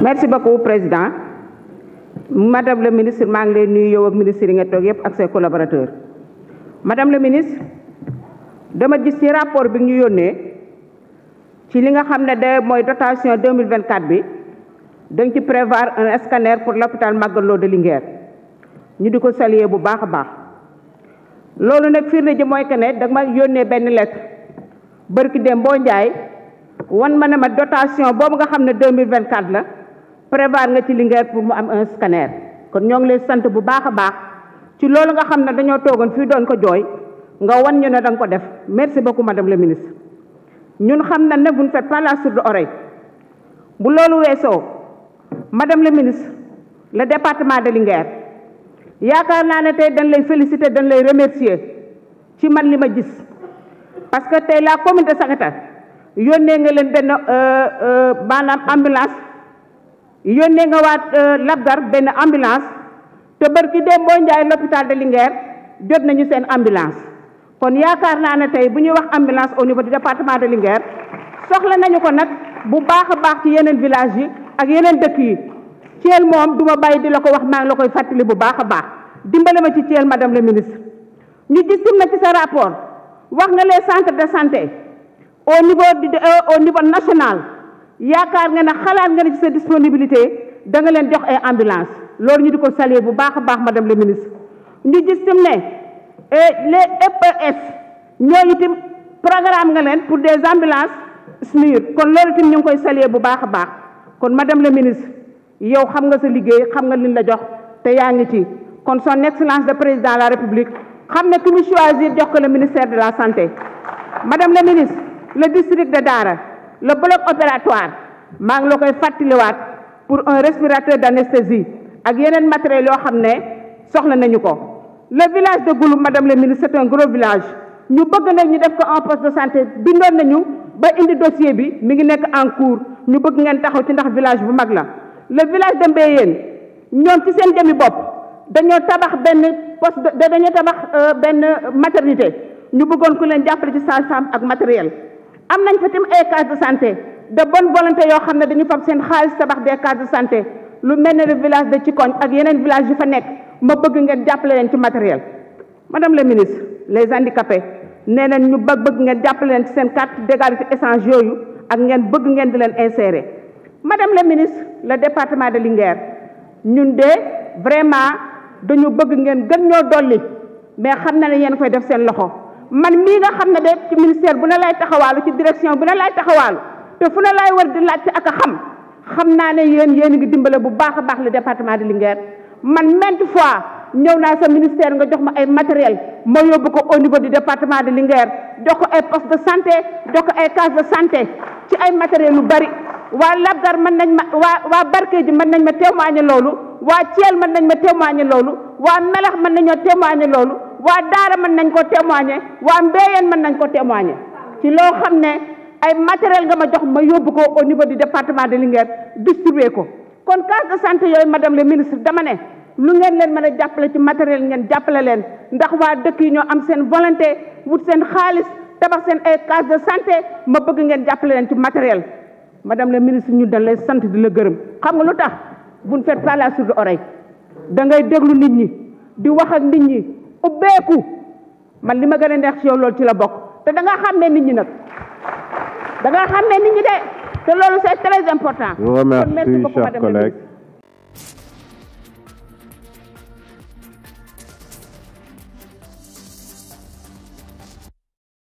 merci beaucoup président madame la ministre mang lay leen nuyu yow ak ministre nga tok yep ak ses collaborateurs madame la ministre dama gis ci rapport bi ñu yónnee ci li nga xam day dotation 2024 bi dañ ci prévoir un scanner pour l'hôpital magalo de linguer ñu diko saluer bu baax baax lolu nak firnde ji moy kené dag ma yónnee ben lettre barki dem wan ma ne ma dotation bobu nga 2024 la prévoir nga ci Linguère pour mu am un scanner kon ñoo ngi leen sant bu baax a baax ci loolu nga xam ne dañoo toogoon fii doon ko jooy nga wan ñu ne danga ko def merci beaucoup madame la ministre ñun xam na ne vous ne faites pas la sourde oreille bu loolu weesoo madame la ministre le département de Linguère yaakaar naa ne tey dañ lay féliciter dañ lay remercier ci man li ma gis parce que tey la commune de Sangatta yónnee nga leen benn euh, euh, maanaam ambulance yone nga wat euh, Labdar ben ambulance te barki dem boo njaay l'hôpital de Linguère jot nañu sen ambulance kon yaakar na ne tay buñu wax ambulance au niveau du département de Linguère soxla nañu ko nak bu baakha baax ci yenen village yi ak yenen dekk yi ciel mom duma bay di lako wax ma ngi fatali bu baakha baax dimbale ci ciel madame le ministre ñu gisim na ci sa rapport wax nga les centres de santé au niveau euh, au niveau national yaakaar nga ne xalaat nga ci sa disponibilité da nga ambulance loolu ñu madame le ministre ñu gis tam ne eh, les EPS programme pour des ambulances kon loolu ñu koy saluer bu baax madame le ministre yow xam nga sa xam nga la jox te ci son excellence de président de la république xam ne ki mu choisir le ministère de la santé madame le ministre le district de Dara le bloc opératoire mang ngi la koy wat pour un respirateur d'anesthésie ak yenen matériel yoo xamné soxla nañu ko le village de Gulu, madame le ministre c'est un gros village ñu bëgg nag ñu def ko en poste de santé bindoon nañu ba indi dossier bi mi ngi nek en cours ñu bëgg ngeen taxaw ci ndax village bu mag la le village de Mbeyen ñoom ci seen demi bop dañu tabax ben poste dañu tabax ben maternité ñu bëggoon ku leen jappalé ci sage sam ak matériel am nañ fa tam ay case de santé de bonne volonté yoo xam ne dañu fab seen xaalis tabax des cases de santé lu mel ne le village de Cikoñ ak yeneen village yu fa nekk ma bëgg ngeen jàppale leen ci matériel madame la ministre les handicapés nee nañ ñu ba bëgg ngeen jàppale leen ci seen carte d'égalité échange yooyu ak ngeen bëgg ngeen di leen insérer madame la ministre le département de Linguère ñun de vraiment dañu bëgg ngeen gën ñoo dolli mais xam na ne yéen koy def seen loxo man mii nga xam ne de ci ministère bu ne lay taxawaalu ci direction bu na lay taxawaalu te fu ne lay war di laajte ak a xam xam naa ne yéen yéen ngi dimbale bu baax a baax le département de Linguère man maintes fois ñëw naa sa ministère nga jox ma ay matériel ma yóbbu ko au niveau du département de Linguère jox ko ay poste de santé jox ko ay case de santé ci ay matériel yu bari waa Labgar mën nañ ma waa waa Barkédji mën nañ ma témoigner loolu waa Thiel mën nañ ma témoigner loolu waa Melax mën nañoo témoigner loolu waa daara mën nañ ko témoigner waa mbeeyeen mën nañ koo témoigner ci loo xam ne ay matériel nga ma jox ma yóbbu ko au niveau du département de Linguère distribuer ko kon case de santé yooyu madame le ministre dama ne lu ngeen leen mën a jàppale ci matériel ngeen jàppale leen ndax waa dëkk yi ñoo am seen volonté wut seen xaalis tabax seen ay case de santé ma bëgg ngeen jàppale leen ci matériel ma dem le ministre ñu dañ lay sant di la gërëm xam nga lu tax bu ñu fekk pas la da ngay déglu nit ñi di wax ak nit ñi ubbeeku man li ma gën a neex ci yow loolu ci la bokk te da nga xàmmee nit ñi nag danga nga xàmmee nit ñi de te loolu c'est très important. je